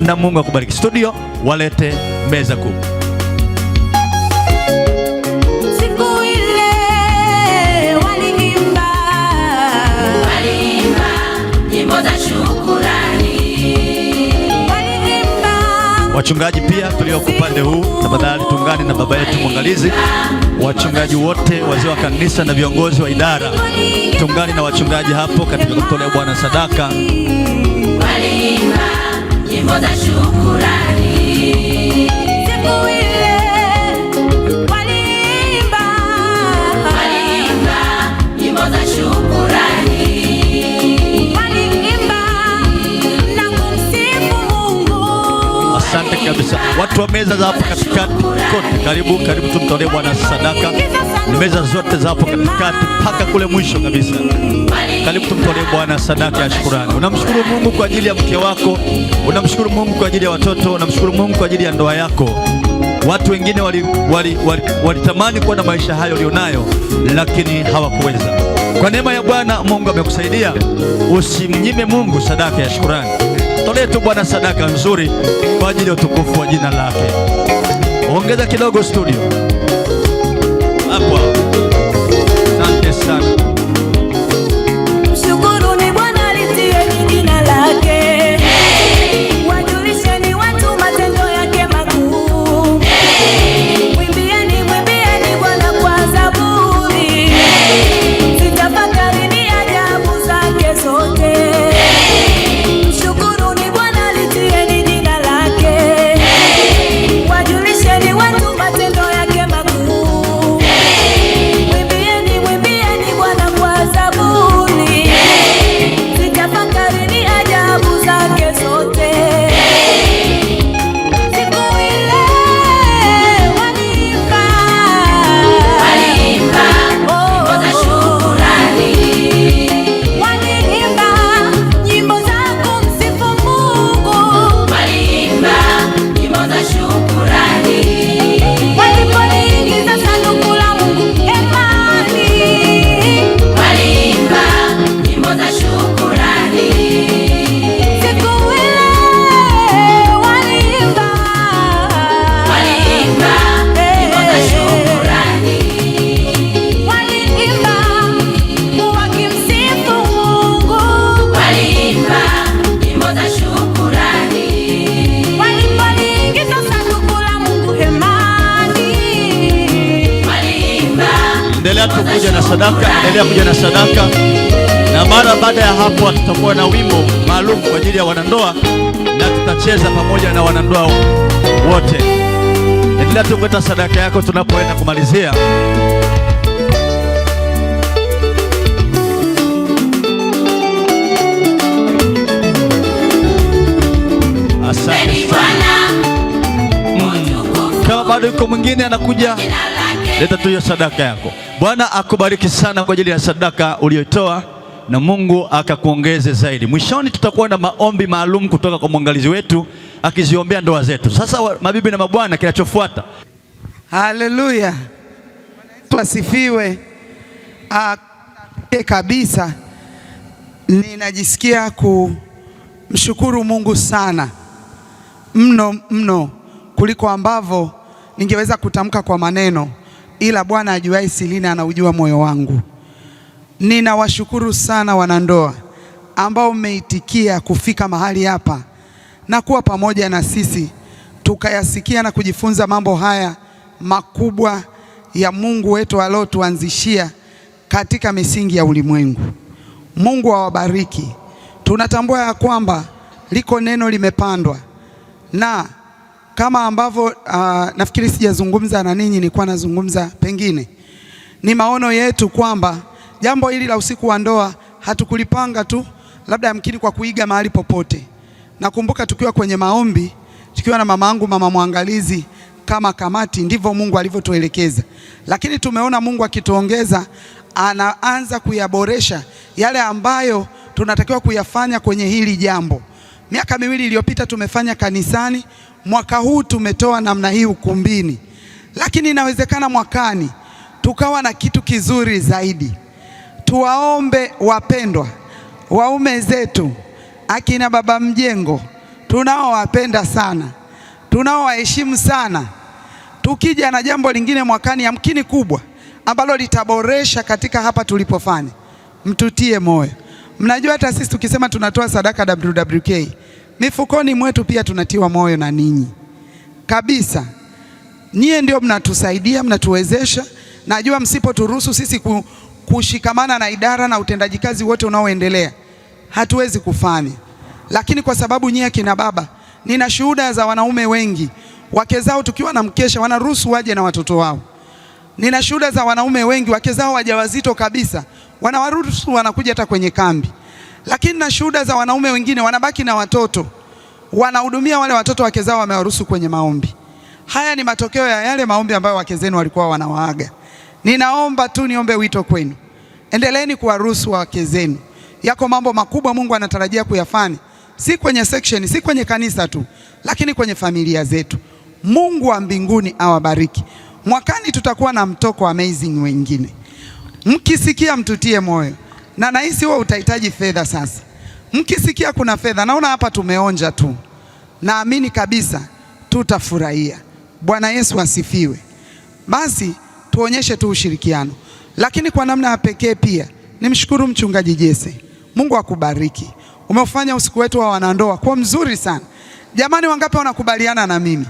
na Mungu akubariki. Studio walete meza kuu. Wachungaji pia tulioko upande huu, tafadhali tungani na baba yetu mwangalizi. Wachungaji wote, wazee wa kanisa na viongozi wa idara, tungani na wachungaji hapo katika kutolea Bwana sadaka nyimbo za shukurani meza za hapo katikati kote, karibu karibu, tumtolee Bwana sadaka. Meza zote za hapo katikati mpaka kule mwisho kabisa, karibu tumtolee Bwana sadaka ya shukurani. Unamshukuru Mungu kwa ajili ya mke wako, unamshukuru Mungu kwa ajili ya watoto, unamshukuru Mungu kwa ajili ya ndoa yako. Watu wengine walitamani wali, wali, wali kuwa na maisha hayo ulionayo, lakini hawakuweza. Kwa neema ya Bwana Mungu amekusaidia. Usimnyime Mungu sadaka ya shukurani. Mtolee tu Bwana sadaka nzuri kwa ajili ya utukufu wa jina lake. Ongeza kidogo studio hapo. Asante sana. Mshukuru ni Bwana litie jina lake. Baada ya hapo, tutakuwa na wimbo maalum kwa ajili ya wanandoa na tutacheza pamoja na wanandoa wote. Endelea tu kuleta sadaka yako tunapoenda kumalizia. Asante mm. kama bado yuko mwingine anakuja, leta tu hiyo sadaka yako. Bwana akubariki sana kwa ajili ya sadaka uliyoitoa na Mungu akakuongeze zaidi. Mwishoni tutakuwa na maombi maalum kutoka kwa mwangalizi wetu akiziombea ndoa zetu. Sasa mabibi na mabwana, kinachofuata haleluya, twasifiwe ah, kabisa. Ninajisikia kumshukuru Mungu sana mno mno kuliko ambavyo ningeweza kutamka kwa maneno, ila Bwana ajuaye silini anaujua moyo wangu. Ninawashukuru sana wanandoa ambao mmeitikia kufika mahali hapa na kuwa pamoja na sisi tukayasikia na kujifunza mambo haya makubwa ya Mungu wetu aliotuanzishia katika misingi ya ulimwengu. Mungu awabariki. Tunatambua ya kwamba liko neno limepandwa, na kama ambavyo uh, nafikiri sijazungumza na ninyi, nilikuwa nazungumza pengine, ni maono yetu kwamba jambo hili la usiku wa ndoa hatukulipanga tu labda yamkini kwa kuiga mahali popote. Nakumbuka tukiwa kwenye maombi, tukiwa na mamaangu mama mwangalizi kama kamati, ndivyo Mungu alivyotuelekeza, lakini tumeona Mungu akituongeza, anaanza kuyaboresha yale ambayo tunatakiwa kuyafanya kwenye hili jambo. Miaka miwili iliyopita tumefanya kanisani, mwaka huu tumetoa namna hii ukumbini, lakini inawezekana mwakani tukawa na kitu kizuri zaidi tuwaombe wapendwa, waume zetu, akina baba mjengo, tunaowapenda sana, tunaowaheshimu sana, tukija na jambo lingine mwakani, yamkini kubwa ambalo litaboresha katika hapa tulipofanya, mtutie moyo. Mnajua hata sisi tukisema tunatoa sadaka WWK, mifukoni mwetu pia tunatiwa moyo na ninyi kabisa. Nyie ndio mnatusaidia, mnatuwezesha. Najua msipoturuhusu sisi ku, kushikamana na idara na utendaji kazi wote unaoendelea hatuwezi kufanya, lakini kwa sababu nyie akina baba, nina shuhuda za wanaume wengi wake zao tukiwa na mkesha wanaruhusu waje na watoto wao. Nina shuhuda za wanaume wengi wake zao wajawazito kabisa wanawaruhusu wanakuja hata kwenye kambi, lakini na shuhuda za wanaume wengine wanabaki na watoto wanahudumia wale watoto wake zao wamewaruhusu kwenye maombi. Haya ni matokeo ya yale maombi ambayo wake zenu walikuwa wanawaaga. Ninaomba tu niombe wito kwenu, endeleeni kuwaruhusu wake zenu. Yako mambo makubwa Mungu anatarajia kuyafanya, si kwenye section, si kwenye kanisa tu, lakini kwenye familia zetu. Mungu wa mbinguni awabariki. Mwakani tutakuwa na mtoko amazing wengine, mkisikia mtutie moyo, na nahisi wewe utahitaji fedha sasa. Mkisikia kuna fedha, naona hapa tumeonja tu, naamini kabisa tutafurahia. Bwana Yesu asifiwe. Basi tuonyeshe tu ushirikiano. Lakini kwa namna ya pekee pia nimshukuru mchungaji Jesse, Mungu akubariki, umeufanya usiku wetu wa wanandoa kuwa mzuri sana. Jamani, wangapi wanakubaliana na mimi?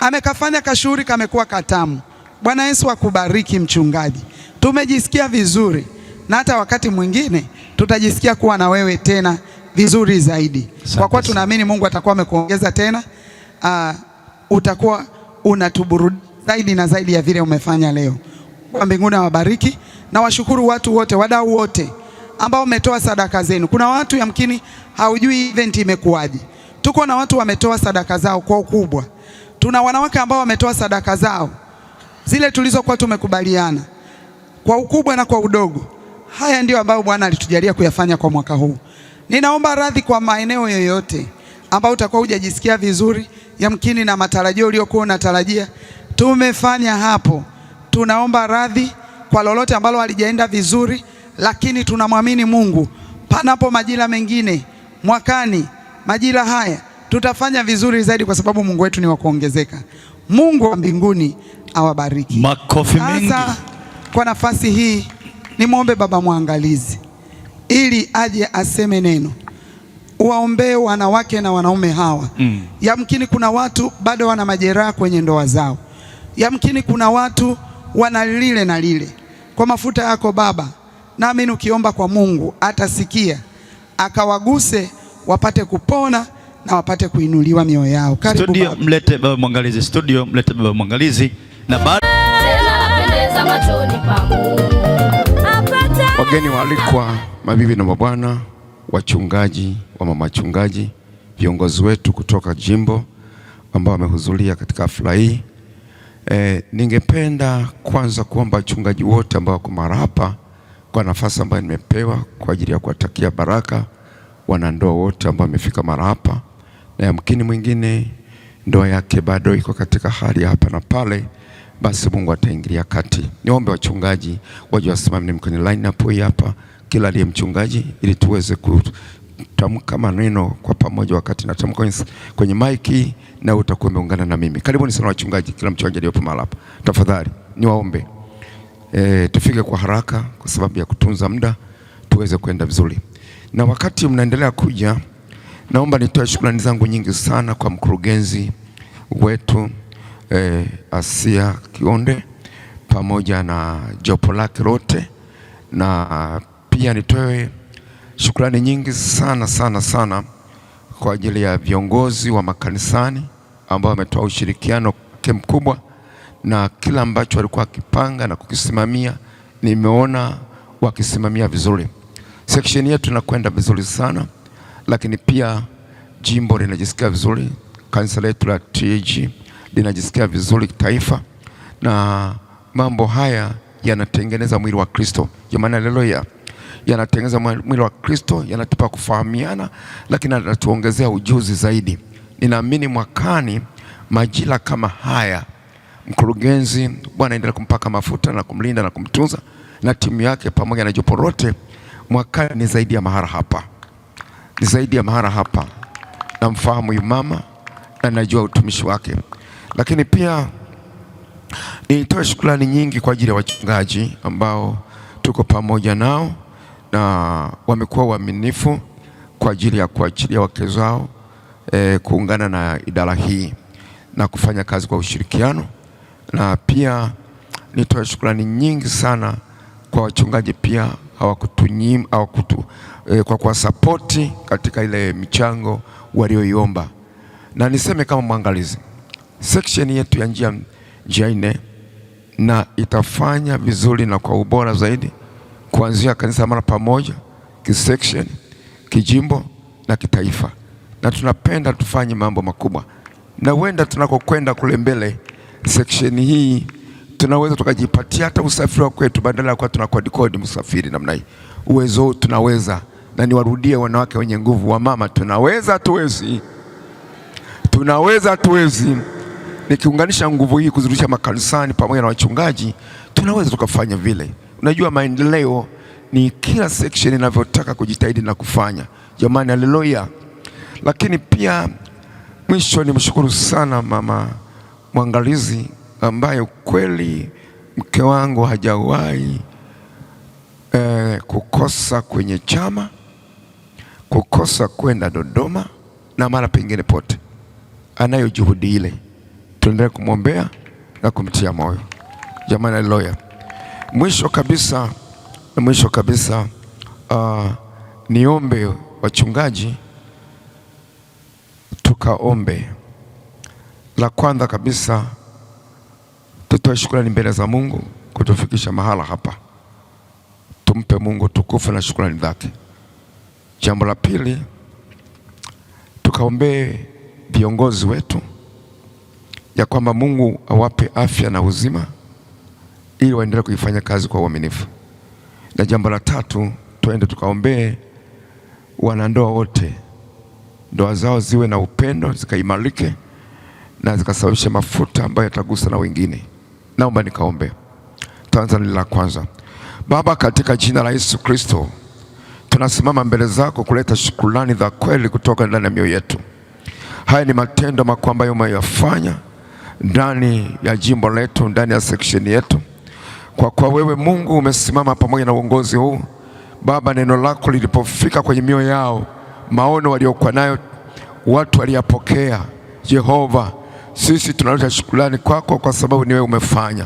Amekafanya kashughuli kamekuwa katamu. Bwana Yesu akubariki mchungaji, tumejisikia vizuri na hata wakati mwingine tutajisikia kuwa na wewe tena vizuri zaidi, kwa kuwa tunaamini Mungu atakuwa amekuongeza tena. Uh, utakuwa unatuburudisha zaidi na zaidi ya vile umefanya leo. Kwa mbinguni awabariki na washukuru watu wote, wadau wote ambao umetoa sadaka zenu. Kuna watu yamkini haujui event imekuwaje. Tuko na watu wametoa sadaka zao kwa ukubwa. Tuna wanawake ambao wametoa sadaka zao zile tulizokuwa tumekubaliana kwa ukubwa na kwa udogo. Haya ndio ambayo Bwana alitujalia kuyafanya kwa mwaka huu. Ninaomba radhi kwa maeneo yoyote ambayo utakuwa hujajisikia vizuri, yamkini na matarajio uliokuwa unatarajia tumefanya hapo. Tunaomba radhi kwa lolote ambalo halijaenda vizuri, lakini tunamwamini Mungu, panapo majira mengine mwakani, majira haya tutafanya vizuri zaidi, kwa sababu Mungu wetu ni wa kuongezeka. Mungu wa mbinguni awabariki. Makofi mengi. Sasa kwa nafasi hii nimwombe baba mwangalizi ili aje aseme neno, waombee wanawake na wanaume hawa mm. Yamkini kuna watu bado wana majeraha kwenye ndoa zao, Yamkini kuna watu wana lile na lile kwa mafuta yako Baba, nami ukiomba kwa Mungu atasikia akawaguse wapate kupona na wapate kuinuliwa mioyo yao. Karibu studio, mlete baba mwangalizi studio, mlete baba mwangalizi na baada wageni waalikwa, mabibi na mabwana, wachungaji wa mama wachungaji, viongozi wetu kutoka jimbo ambao wamehudhuria katika hafla hii. E, ningependa kwanza kuomba wachungaji wote ambao wako mara hapa kwa nafasi ambayo nimepewa kwa ajili ya kuwatakia baraka wanandoa wote ambao wamefika mara hapa, na yamkini mwingine ndoa yake bado iko katika hali ya hapa na pale, basi Mungu ataingilia kati. Niombe wachungaji waje wasimame kwenye line up hii hapa, kila aliye mchungaji, ili tuweze tamka maneno kwa pamoja wakati natamka kwenye, kwenye maiki na utakuwa umeungana na mimi. Karibuni sana wachungaji, kila mchungaji aliyepo mahali hapa, tafadhali niwaombe e, tufike kwa haraka kwa sababu ya kutunza muda tuweze kwenda vizuri. Na wakati mnaendelea kuja, naomba nitoe shukrani zangu nyingi sana kwa mkurugenzi wetu e, Asia Kionde pamoja na jopo lake lote, na pia nitoe Shukrani nyingi sana sana sana kwa ajili ya viongozi wa makanisani ambao wametoa ushirikiano wake mkubwa, na kila ambacho walikuwa wakipanga na kukisimamia nimeona wakisimamia vizuri. Section yetu inakwenda vizuri sana, lakini pia jimbo linajisikia vizuri, kanisa letu la TG linajisikia vizuri taifa, na mambo haya yanatengeneza mwili wa Kristo. Jamani, haleluya! yanatengeneza mwili wa Kristo, yanatupa kufahamiana, lakini yanatuongezea ujuzi zaidi. Ninaamini mwakani majira kama haya, mkurugenzi, Bwana endelea kumpaka mafuta na kumlinda na kumtunza na timu yake pamoja na jopo lote. Mwakani ni zaidi ya mahara hapa, ni zaidi ya mahara hapa. Namfahamu huyu mama na najua utumishi wake, lakini pia nitoe shukrani nyingi kwa ajili ya wachungaji ambao tuko pamoja nao na wamekuwa waaminifu kwa ajili ya kuachilia wake zao e, kuungana na idara hii na kufanya kazi kwa ushirikiano. Na pia nitoa shukrani nyingi sana kwa wachungaji pia hawakutunyima hawakutu, e, kwa kuwasapoti katika ile michango walioiomba, na niseme kama mwangalizi section yetu ya njia njia nne na itafanya vizuri na kwa ubora zaidi kuanzia kanisa mara pamoja, kisection, kijimbo na kitaifa, na tunapenda tufanye mambo makubwa, na huenda tunakokwenda kule mbele, section hii tunaweza tukajipatia hata usafiri wa kwetu badala ya kuwa tunakodikodi msafiri namna hii. Uwezo tunaweza, na niwarudie wanawake wenye nguvu, wa mama, tunaweza tuwezi, tunaweza tuwezi. Nikiunganisha nguvu hii kuzirudisha makanisani pamoja na wachungaji, tunaweza tukafanya vile. Unajua, maendeleo ni kila section inavyotaka kujitahidi na kufanya. Jamani, haleluya! Lakini pia mwisho, nimshukuru sana mama mwangalizi ambaye kweli mke wangu hajawahi eh, kukosa kwenye chama, kukosa kwenda Dodoma na mara pengine pote. Anayo juhudi ile, tuendelee kumwombea na kumtia moyo. Jamani, haleluya! Mwisho kabisa, mwisho kabisa uh, niombe wachungaji tukaombe. La kwanza kabisa tutoe shukrani mbele za Mungu kutufikisha mahala hapa, tumpe Mungu tukufu na shukrani zake. Jambo la pili, tukaombee viongozi wetu ya kwamba Mungu awape afya na uzima ili waendelee kuifanya kazi kwa uaminifu. Na jambo la tatu, twende tukaombee wanandoa wote, ndoa zao ziwe na upendo, zikaimarike na zikasababisha mafuta ambayo yatagusa na wengine. Naomba nikaombe. Tuanze la kwanza. Baba, katika jina la Yesu Kristo, tunasimama mbele zako kuleta shukrani za kweli kutoka ndani ya mioyo yetu. Haya ni matendo ambayo umeyafanya ndani ya jimbo letu, ndani ya seksheni yetu kwa kuwa wewe Mungu umesimama pamoja na uongozi huu Baba, neno lako lilipofika kwenye mioyo yao, maono waliokuwa nayo watu waliyapokea. Jehova, sisi tunaleta shukrani kwako kwa sababu ni wewe umefanya.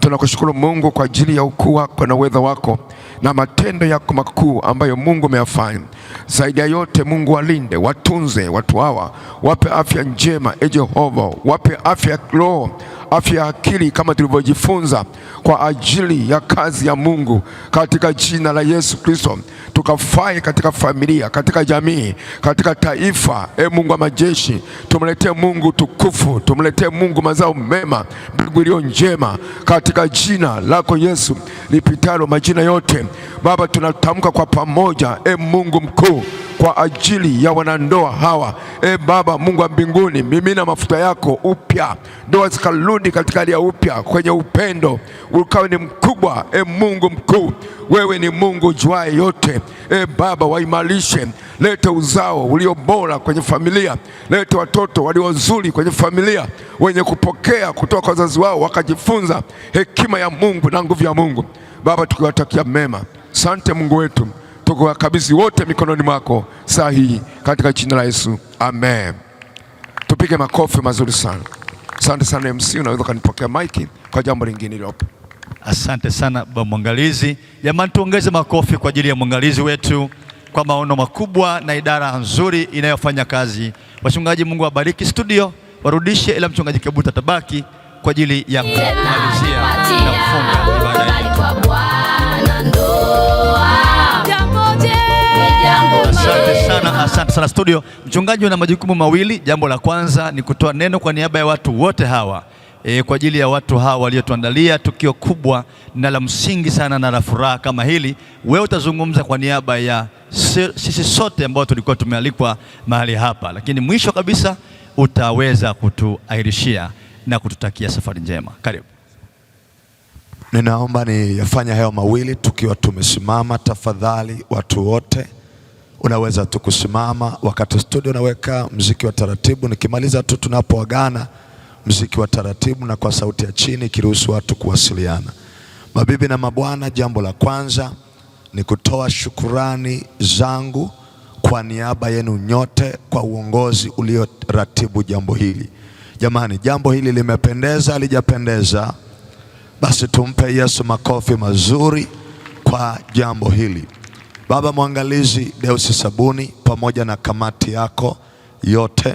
Tunakushukuru Mungu kwa ajili ya ukuu wako na uwezo wako na matendo yako makuu ambayo Mungu umeyafanya. Zaidi ya yote, Mungu walinde, watunze watu hawa, wape afya njema. E Jehova, wape afya ya roho afya ya akili kama tulivyojifunza kwa ajili ya kazi ya Mungu katika jina la Yesu Kristo, tukafae katika familia, katika jamii, katika taifa. E Mungu wa majeshi, tumletee Mungu tukufu, tumletee Mungu mazao mema, mbegu iliyo njema katika jina lako Yesu lipitalo majina yote. Baba, tunatamka kwa pamoja, e Mungu mkuu kwa ajili ya wanandoa hawa. E Baba Mungu wa mbinguni, mimina mafuta yako upya, ndoa zikarudi katika hali ya upya, kwenye upendo ukawe ni mkubwa. E Mungu mkuu, wewe ni Mungu juae yote. E Baba, waimarishe, lete uzao ulio bora kwenye familia, lete watoto walio wazuri kwenye familia, wenye kupokea kutoka kwa wazazi wao, wakajifunza hekima ya Mungu na nguvu ya Mungu. Baba, tukiwatakia mema. Sante Mungu wetu tukawakabidhi wote mikononi mwako saa hii katika jina la Yesu, amen. Tupige makofi mazuri sana. Asante sana MC, unaweza kanipokea maiki kwa jambo lingine lilopo. Asante sana ba mwangalizi. Jamani, tuongeze makofi kwa ajili ya mwangalizi wetu kwa maono makubwa na idara nzuri inayofanya kazi. Wachungaji, Mungu awabariki. Studio warudishe, ila mchungaji Kibuta tabaki kwa ajili ya kumalizia na kufunga ibada. Asante sana, asante sana studio. Mchungaji una majukumu mawili. Jambo la kwanza ni kutoa neno kwa niaba ya watu wote hawa e, kwa ajili ya watu hawa waliotuandalia tukio kubwa na la msingi sana na la furaha kama hili. Wewe utazungumza kwa niaba ya sisi sote ambao tulikuwa tumealikwa mahali hapa, lakini mwisho kabisa utaweza kutuahirishia na kututakia safari njema. Karibu. Ninaomba niyafanya hayo mawili tukiwa tumesimama, tafadhali watu wote unaweza tu kusimama wakati studio unaweka mziki wa taratibu, nikimaliza tu tunapoagana mziki wa taratibu na kwa sauti ya chini, ikiruhusu watu kuwasiliana. Mabibi na mabwana, jambo la kwanza ni kutoa shukurani zangu kwa niaba yenu nyote kwa uongozi ulioratibu jambo hili. Jamani, jambo hili limependeza, alijapendeza Basi tumpe Yesu makofi mazuri kwa jambo hili. Baba mwangalizi Deusi Sabuni pamoja na kamati yako yote,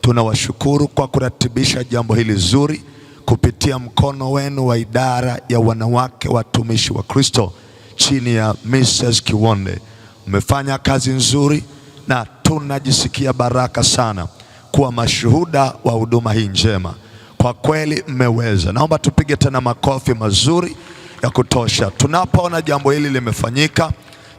tunawashukuru kwa kuratibisha jambo hili zuri kupitia mkono wenu wa idara ya wanawake watumishi wa Kristo chini ya Mrs. Kiwonde. Mmefanya kazi nzuri na tunajisikia baraka sana kuwa mashuhuda wa huduma hii njema. Kwa kweli mmeweza. Naomba tupige tena makofi mazuri ya kutosha tunapoona jambo hili limefanyika.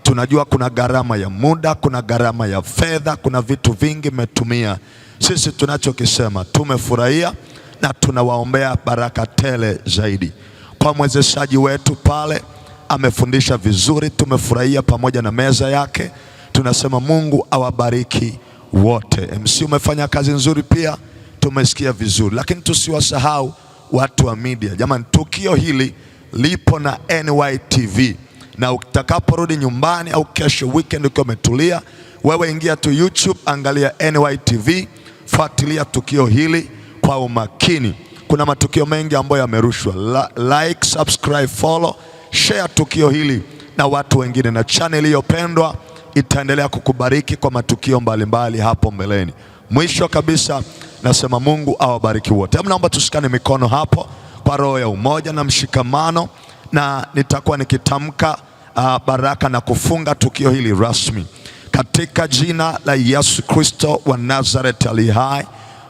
Tunajua kuna gharama ya muda, kuna gharama ya fedha, kuna vitu vingi mmetumia. Sisi tunachokisema tumefurahia na tunawaombea baraka tele zaidi. Kwa mwezeshaji wetu pale, amefundisha vizuri, tumefurahia pamoja na meza yake. Tunasema Mungu awabariki wote. MC umefanya kazi nzuri pia, tumesikia vizuri, lakini tusiwasahau watu wa media. Jamani, tukio hili lipo na NYTV na utakaporudi nyumbani au kesho weekend ukiwa umetulia, wewe ingia tu YouTube, angalia NYTV, fuatilia tukio hili kwa umakini. Kuna matukio mengi ambayo yamerushwa. Like, subscribe, follow, share tukio hili na watu wengine, na channel iliyopendwa itaendelea kukubariki kwa matukio mbalimbali mbali hapo mbeleni. Mwisho kabisa, nasema Mungu awabariki wote. Hebu naomba tushikane mikono hapo kwa roho ya umoja na mshikamano na nitakuwa nikitamka uh, baraka na kufunga tukio hili rasmi katika jina la Yesu Kristo wa Nazareti ali hai.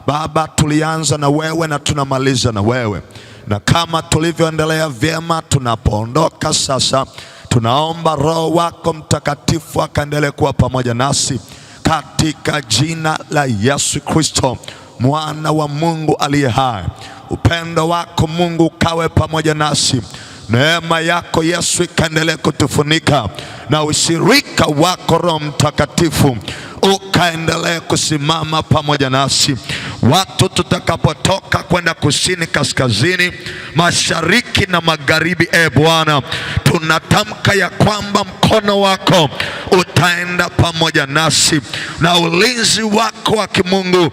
Baba, tulianza na wewe na tunamaliza na wewe, na kama tulivyoendelea vyema, tunapoondoka sasa, tunaomba Roho wako Mtakatifu akaendelee kuwa pamoja nasi katika jina la Yesu Kristo mwana wa Mungu aliye hai. Upendo wako Mungu ukawe pamoja nasi Neema yako Yesu ikaendelee kutufunika na ushirika wako Roho Mtakatifu ukaendelee kusimama pamoja nasi, watu tutakapotoka kwenda kusini, kaskazini, mashariki na magharibi. E Bwana, tunatamka ya kwamba mkono wako utaenda pamoja nasi na ulinzi wako wa kimungu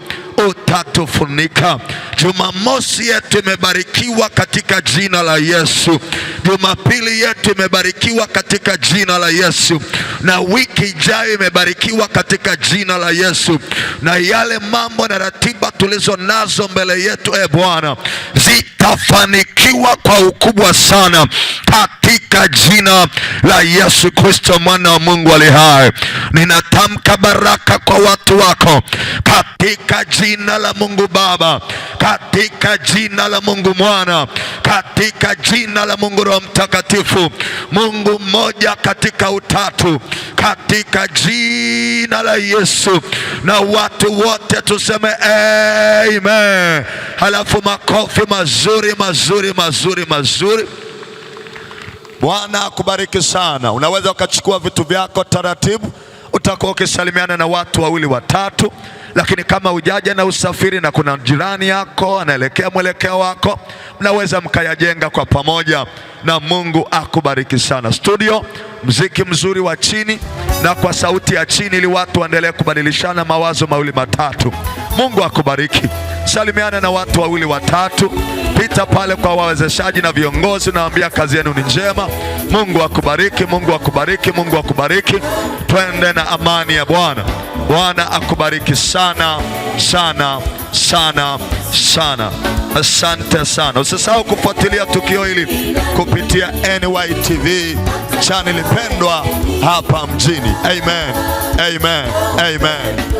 utatufunika. Jumamosi yetu imebarikiwa katika jina la Yesu. Jumapili yetu imebarikiwa katika jina la Yesu, na wiki ijayo imebarikiwa katika jina la Yesu, na yale mambo na ratiba tulizo nazo mbele yetu, e Bwana, zitafanikiwa kwa ukubwa sana katika katika jina la Yesu Kristo mwana wa Mungu aliye hai, ninatamka baraka kwa watu wako katika jina la Mungu Baba, katika jina la Mungu Mwana, katika jina la Mungu Roho Mtakatifu, Mungu mmoja katika utatu, katika jina la Yesu. Na watu wote tuseme amen. Halafu makofi mazuri mazuri mazuri mazuri. Bwana akubariki sana. Unaweza ukachukua vitu vyako taratibu, utakuwa ukisalimiana na watu wawili watatu, lakini kama ujaja na usafiri na kuna jirani yako anaelekea mwelekeo wako, mnaweza mkayajenga kwa pamoja, na Mungu akubariki sana. Studio, mziki mzuri wa chini na kwa sauti ya chini, ili watu waendelee kubadilishana mawazo mawili matatu. Mungu akubariki salimiana na watu wawili watatu, pita pale kwa wawezeshaji na viongozi, naambia kazi yenu ni njema. Mungu akubariki, Mungu akubariki, Mungu akubariki. Twende na amani ya Bwana. Bwana akubariki sana sana sana sana. Asante sana. Usisahau kufuatilia tukio hili kupitia nytv TV pendwa hapa mjini. Amen, amen, amen.